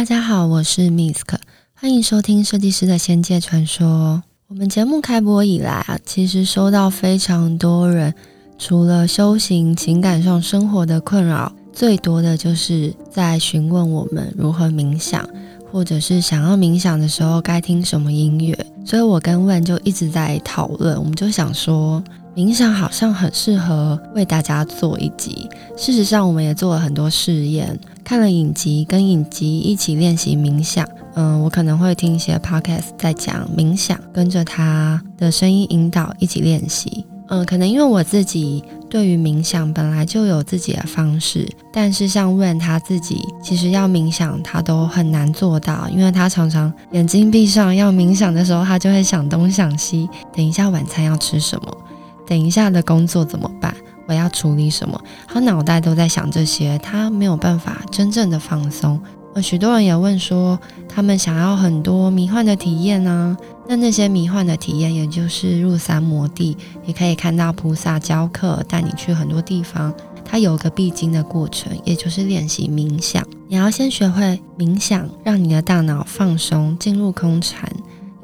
大家好，我是 Misc，歡迎收聽《設計師的仙界傳說》。我們節目開播以來啊，其實收到非常多人，除了修行、情感上生活的困擾，最多的就是在詢問我們如何冥想，或者是想要冥想的時候該聽什麼音樂。所以我跟問就一直在討論，我們就想說冥想好像很適合為大家做一集。事實上，我們也做了很多試驗。看了影集，跟影集一起練習冥想。嗯、呃，我可能會聽一些 podcast，在講冥想，跟着他的聲音引導一起練習。嗯、呃，可能因為我自己對於冥想本來就有自己的方式，但是像問他自己，其實要冥想他都很難做到，因為他常常眼睛閉上要冥想的時候，他就會想東想西，等一下晚餐要吃什麼，等一下的工作怎麼辦。我要處理什麼？他腦袋都在想這些，他沒有辦法真正的放鬆。呃，許多人也問說，他們想要很多迷幻的體驗呢、啊？那那些迷幻的體驗，也就是入三摩地，也可以看到菩薩教課，帶你去很多地方。它有個必經的過程，也就是練習冥想。你要先學會冥想，讓你的大腦放鬆，進入空禪，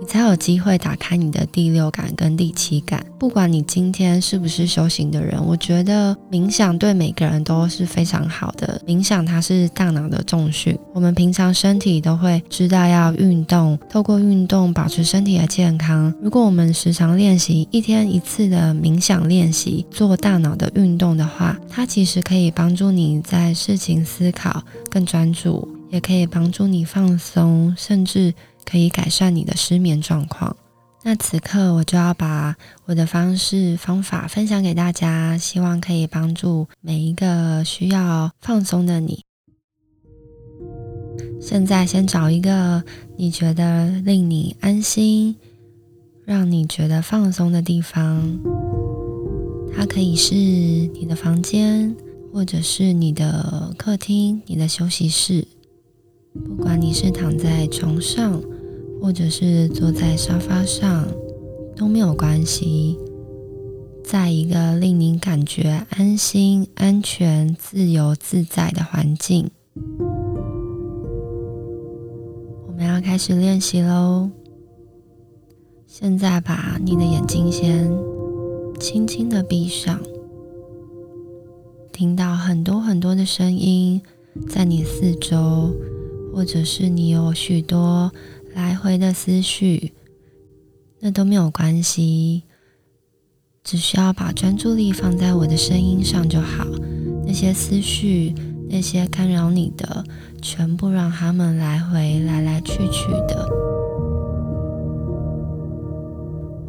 才有機會打開你的第六感跟第七感。不管你今天是不是修行的人，我覺得冥想對每個人都是非常好的。冥想它是大腦的重訓。我們平常身體都會知道要運動，透過運動保持身體的健康。如果我們時常練習一天一次的冥想練習，做大腦的運動的話，它其實可以幫助你在事情思考更專注，也可以幫助你放鬆，甚至。可以改善你的失眠狀況。那此刻我就要把我的方式方法分享給大家，希望可以幫助每一個需要放鬆的你。現在先找一個你覺得令你安心、讓你覺得放鬆的地方，它可以是你的房間，或者是你的客廳、你的休息室。不管你是躺在床上。或者是坐在沙發上都沒有關係，在一個令您感覺安心、安全、自由自在的環境，我們要開始練習嘍。現在把你的眼睛先輕輕的閉上，聽到很多很多的聲音在你四周，或者是你有許多。來回的思緒，那都沒有關係，只需要把專注力放在我的聲音上就好。那些思緒，那些干擾你的，全部讓他們來回來來去去的。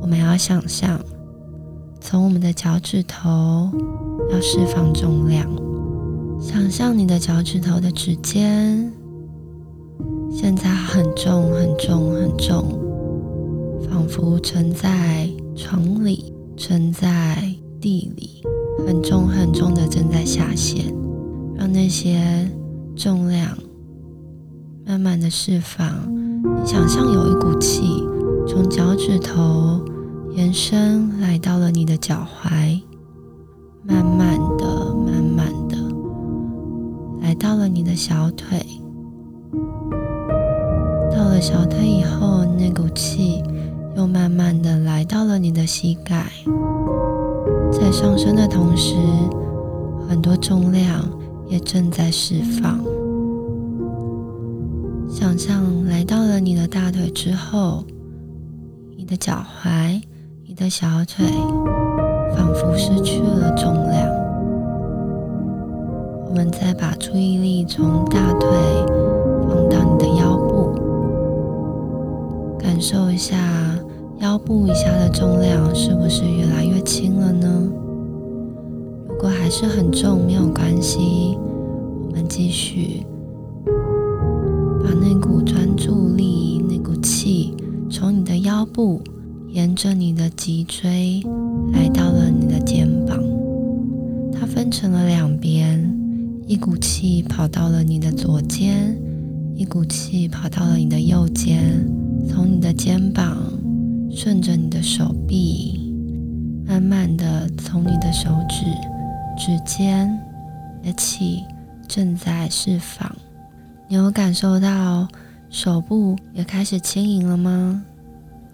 我們要想象，從我們的腳趾頭要釋放重量，想象你的腳趾頭的指尖，現在很重，很重，很重，仿佛沉在床裡，沉在地裡，很重很重的正在下陷，讓那些重量慢慢的釋放。你想象有一股氣從腳趾頭延伸來到了你的腳踝，慢慢的，慢慢的來到了你的小腿。到了小腿以後，那股氣又慢慢的來到了你的膝蓋，在上升的同時，很多重量也正在釋放。想象來到了你的大腿之後，你的腳踝、你的小腿仿佛失去了重量。我們再把注意力從大腿放到你的腰。感受一下腰部以下的重量是不是越來越輕了呢？如果還是很重，沒有關係，我們繼續把那股專注力、那股氣從你的腰部沿着你的脊椎來到了你的肩膀，它分成了兩邊，一股氣跑到了你的左肩，一股氣跑到了你的右肩。從你的肩膀，順着你的手臂，慢慢的從你的手指、指尖，而起正在釋放。你有感受到手部也開始輕盈了嗎？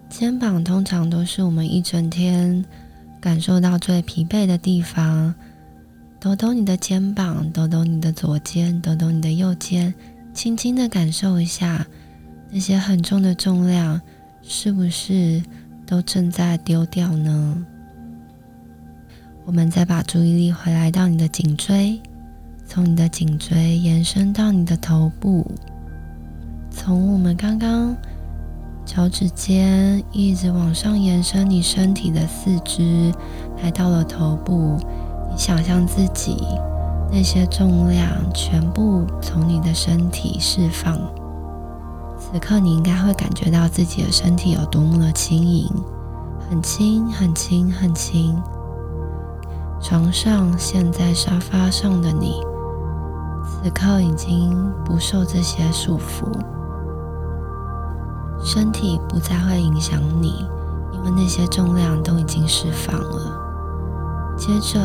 肩膀通常都是我們一整天感受到最疲憊的地方。抖抖你的肩膀，抖抖你的左肩，抖抖你的右肩，輕輕的感受一下。那些很重的重量，是不是都正在丟掉呢？我們再把注意力回來到你的頸椎，從你的頸椎延伸到你的頭部，從我們剛剛腳趾尖一直往上延伸，你身體的四肢來到了頭部，你想象自己那些重量全部從你的身體釋放。此刻你應該會感覺到自己的身體有多麼的輕盈，很輕，很輕，很輕。很輕，床上現在沙發上的你，此刻已經不受這些束縛，身體不再會影響你，因為那些重量都已經釋放了。接着，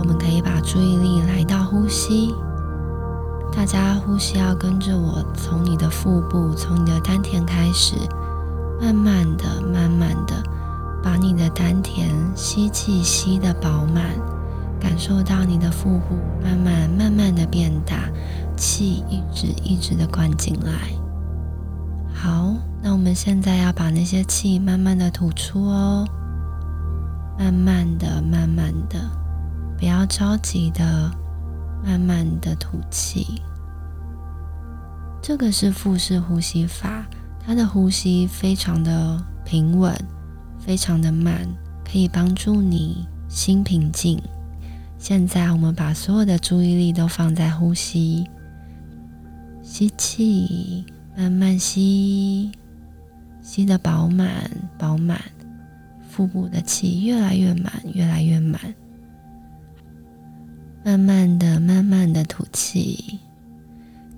我們可以把注意力來到呼吸。大家呼吸要跟着我，從你的腹部，從你的丹田開始，慢慢的、慢慢的，把你的丹田吸氣吸得飽滿，感受到你的腹部慢慢、慢慢的變大，氣一直、一直的灌進來。好，那我們現在要把那些氣慢慢的吐出哦，慢慢的、慢慢的，不要着急的。慢慢的吐氣，這個是腹式呼吸法，它的呼吸非常的平穩，非常的慢，可以幫助你心平靜。現在我們把所有的注意力都放在呼吸，吸氣，慢慢吸，吸得飽滿，飽滿，腹部的氣越來越滿，越來越滿。慢慢的、慢慢的吐氣，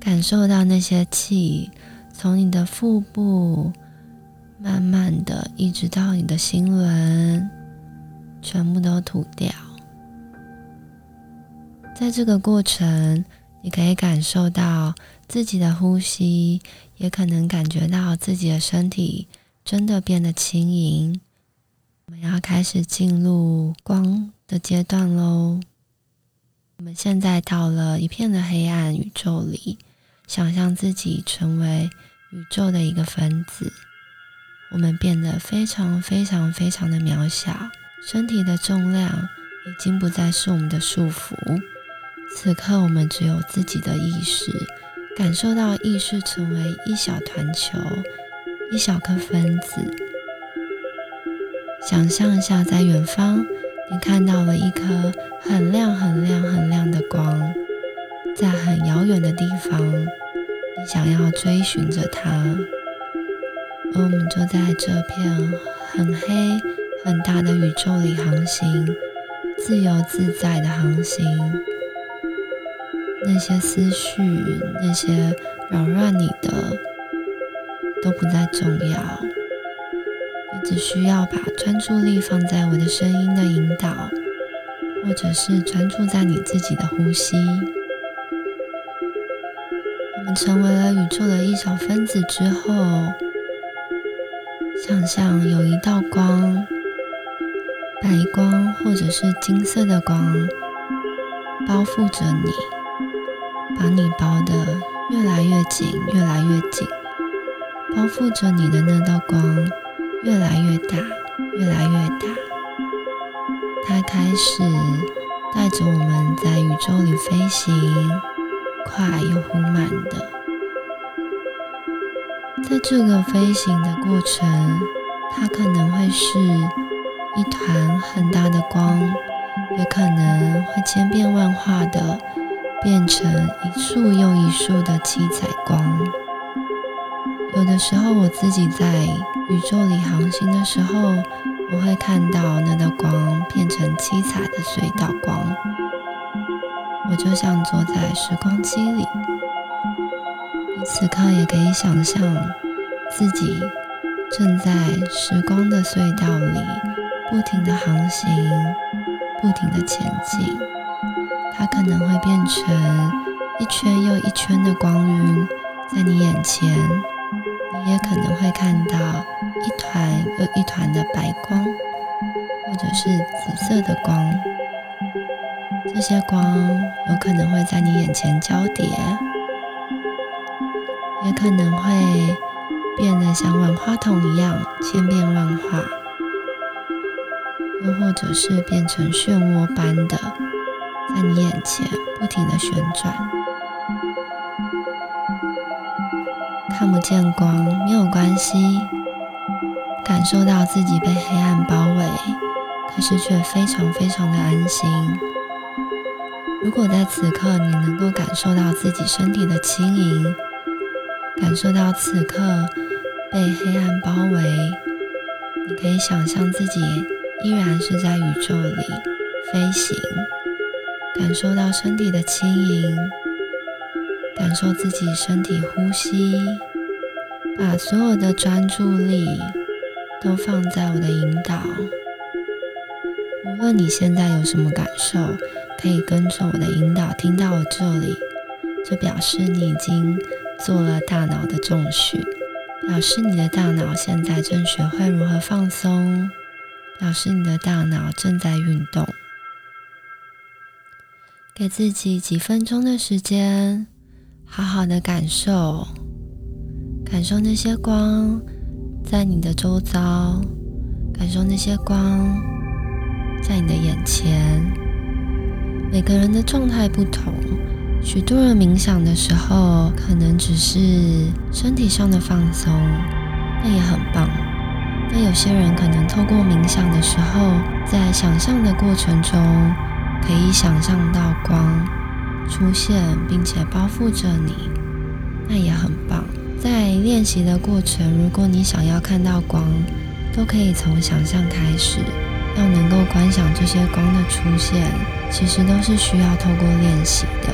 感受到那些氣從你的腹部慢慢的一直到你的心輪，全部都吐掉。在這個過程，你可以感受到自己的呼吸，也可能感覺到自己的身體真的變得輕盈。我們要開始進入光的階段嘍。我們現在到了一片的黑暗宇宙裡，想象自己成為宇宙的一個分子，我們變得非常非常非常的渺小，身體的重量已經不再是我們的束縛。此刻，我們只有自己的意識，感受到意識成為一小團球、一小顆分子。想象一下，在遠方。你看到了一顆很亮、很亮、很亮的光，在很遙遠的地方。你想要追尋着它，而我們就在這片很黑、很大的宇宙裡航行，自由自在的航行。那些思緒、那些擾亂你的，都不再重要。只需要把專注力放在我的聲音的引導，或者是專注在你自己的呼吸。我們成為了宇宙的一小分子之後，想象有一道光，白光或者是金色的光，包覆着你，把你包得越來越緊，越來越緊，包覆着你的那道光。越來越大，越來越大。它開始帶着我們在宇宙裡飛行，快又忽慢的。在這個飛行的過程，它可能會是一團很大的光，也可能會千變萬化的變成一束又一束的七彩光。有的時候，我自己在宇宙裡航行的時候，我會看到那道光變成七彩的隧道光。我就像坐在時光機裡，你此刻也可以想象自己正在時光的隧道裡不停地航行，不停地前進。它可能會變成一圈又一圈的光暈在你眼前。也可能會看到一團又一團的白光，或者是紫色的光。這些光有可能會在你眼前交疊，也可能會變得像萬花筒一樣千變萬化，又或者是變成漩渦般的，在你眼前不停地旋轉。看不見光沒有關係，感受到自己被黑暗包圍，可是卻非常非常的安心。如果在此刻你能夠感受到自己身體的輕盈，感受到此刻被黑暗包圍，你可以想象自己依然是在宇宙裡飛行，感受到身體的輕盈，感受自己身體呼吸。把所有的專注力都放在我的引導。無論你現在有什麼感受，可以跟着我的引導聽到我這裡，就表示你已經做了大腦的重訓，表示你的大腦現在正學會如何放鬆，表示你的大腦正在運動。給自己幾分鐘的時間，好好的感受。感受那些光在你的周遭，感受那些光在你的眼前。每個人的狀態不同，許多人冥想的時候可能只是身體上的放鬆，那也很棒。那有些人可能透過冥想的時候，在想象的過程中可以想象到光出現，並且包覆着你，那也很棒。在練習的過程，如果你想要看到光，都可以從想象開始。要能夠觀想這些光的出現，其實都是需要透過練習的。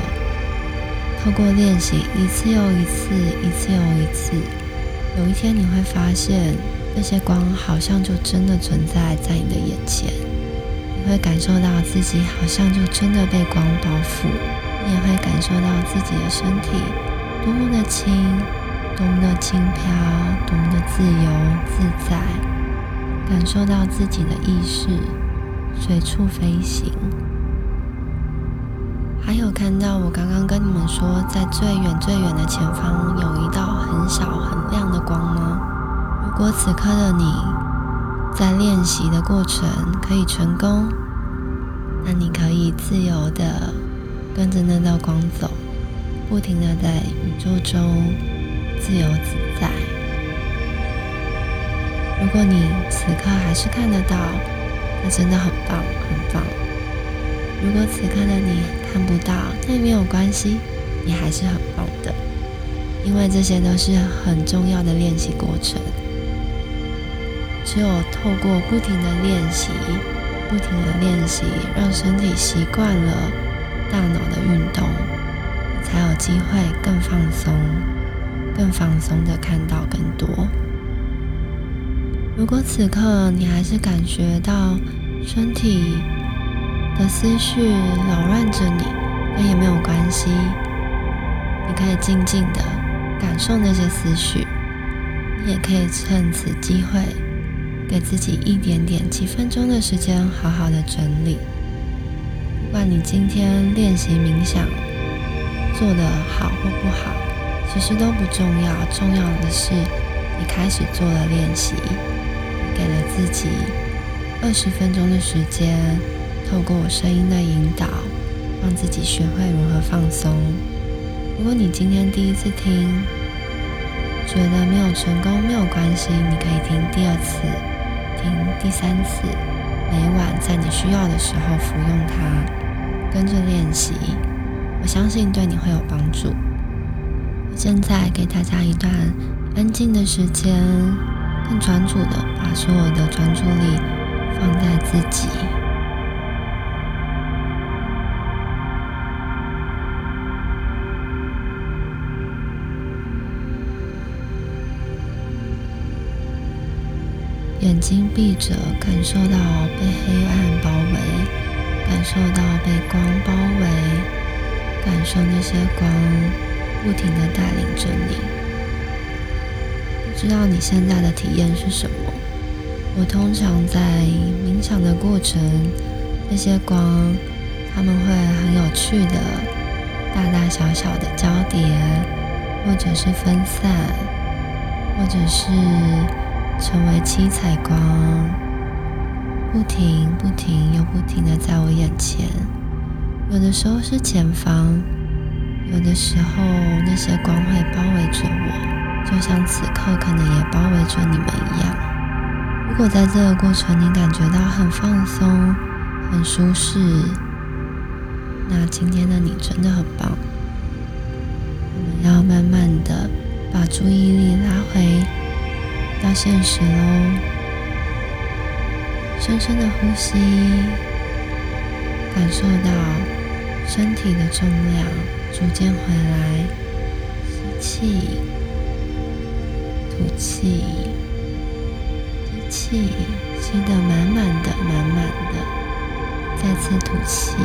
透過練習，一次又一次，一次又一次，有一天你會發現，那些光好像就真的存在在你的眼前。你會感受到自己好像就真的被光包覆，你也會感受到自己的身體多麼的輕。懂得輕飄，懂得自由自在，感受到自己的意識隨處飛行。還有看到我剛剛跟你們說，在最遠最遠的前方有一道很小很亮的光嗎？如果此刻的你在練習的過程可以成功，那你可以自由地跟着那道光走，不停地在宇宙中。自由自在。如果你此刻還是看得到，那真的很棒，很棒。如果此刻的你看不到，那也沒有關係，你還是很棒的。因為這些都是很重要的練習過程。只有透過不停的練習，不停的練習，讓身體習慣了大腦的運動，才有機會更放鬆。更放鬆的看到更多。如果此刻你還是感覺到身體的思緒擾亂着你，那也沒有關係。你可以靜靜的感受那些思緒，你也可以趁此機會給自己一點點、幾分鐘的時間，好好的整理。不管你今天練習冥想做得好或不好，其實都不重要，重要的是你開始做了練習，給了自己二十分鐘的時間，透過我聲音的引導，讓自己學會如何放鬆。如果你今天第一次聽，覺得沒有成功，沒有關係，你可以聽第二次、聽第三次，每晚在你需要的時候服用它，跟着練習，我相信對你會有幫助。現在給大家一段安靜的時間，更專注的把所有的專注力放在自己。眼睛閉着，感受到被黑暗包圍，感受到被光包圍，感受那些光。不停地帶領着你，不知道你現在的體驗是什麼。我通常在冥想的過程，那些光，他們會很有趣的，大大小小的交疊，或者是分散，或者是成為七彩光，不停、不停又不停的在我眼前。有的時候是前方。有的時候，那些光會包圍着我，就像此刻可能也包圍着你們一樣。如果在這個過程你感覺到很放鬆、很舒適，那今天的你真的很棒。我們要慢慢的把注意力拉回到現實嘍。深深的呼吸，感受到身體的重量。逐漸回來，吸氣，吐氣，吸氣，吸得滿滿的，滿滿的，再次吐氣，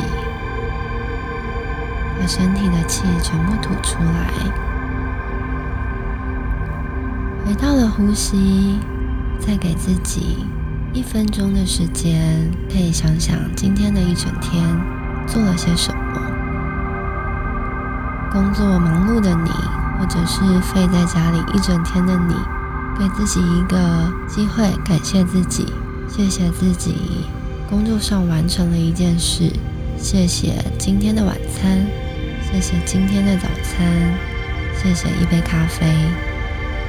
把身體的氣全部吐出來，回到了呼吸，再給自己一分鐘的時間，可以想想今天的一整天做了些什麼。工作忙碌的你，或者是廢在家裡一整天的你，給自己一個機會，感謝自己，謝謝自己，工作上完成了一件事，謝謝今天的晚餐，謝謝今天的早餐，謝謝一杯咖啡。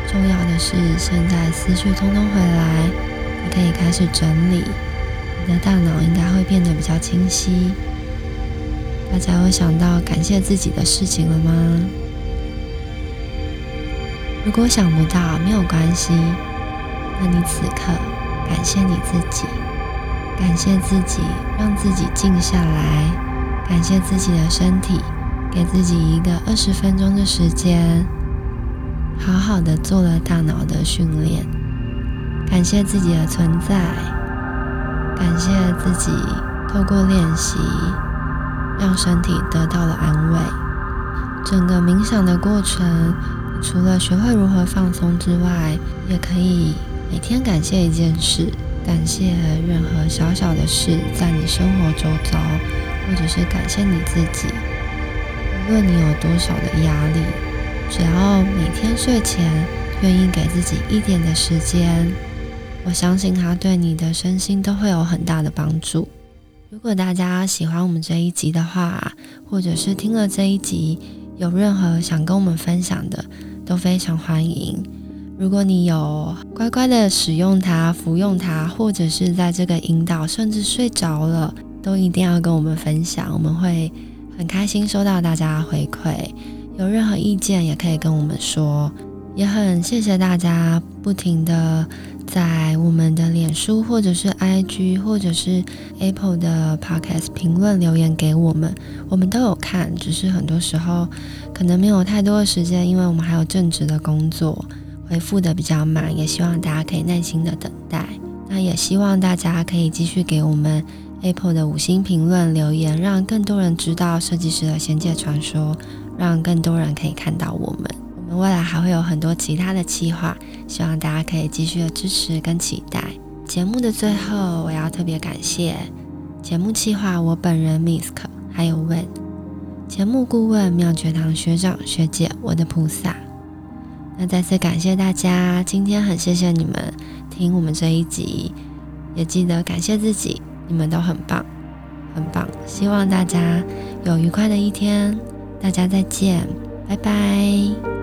重要的是，現在思緒通通回來，你可以開始整理，你的大腦應該會變得比較清晰。大家有想到感謝自己的事情了嗎？如果想不到，沒有關係。那你此刻感謝你自己，感謝自己讓自己靜下來，感謝自己的身體，給自己一個二十分鐘的時間，好好的做了大腦的訓練，感謝自己的存在，感謝自己透過練習。讓身體得到了安慰。整個冥想的過程，除了學會如何放鬆之外，也可以每天感謝一件事，感謝任何小小的事在你生活周遭，或者是感謝你自己。無論你有多少的壓力，只要每天睡前願意給自己一點的時間，我相信它對你的身心都會有很大的幫助。如果大家喜歡我們這一集的話，或者是聽了這一集有任何想跟我們分享的，都非常歡迎。如果你有乖乖的使用它、服用它，或者是在這個引導甚至睡着了，都一定要跟我們分享，我們會很開心收到大家的回饋。有任何意見也可以跟我們說，也很謝謝大家不停的。在我們的臉書或者是 IG 或者是 Apple 的 Podcast 評論留言給我們，我們都有看，只是很多時候可能沒有太多的時間，因為我們還有正職的工作，回復的比較慢，也希望大家可以耐心的等待。那也希望大家可以繼續給我們 Apple 的五星評論留言，讓更多人知道設計師的仙界傳說，讓更多人可以看到我們。未來還會有很多其他的計劃，希望大家可以繼續的支持跟期待。節目的最後，我要特別感謝節目企劃我本人 Misc，還有 Wen，節目顧問妙覺堂學長學姐，我的菩薩。那再次感謝大家，今天很謝謝你們聽我們這一集，也記得感謝自己，你們都很棒，很棒。希望大家有愉快的一天，大家再見，拜拜。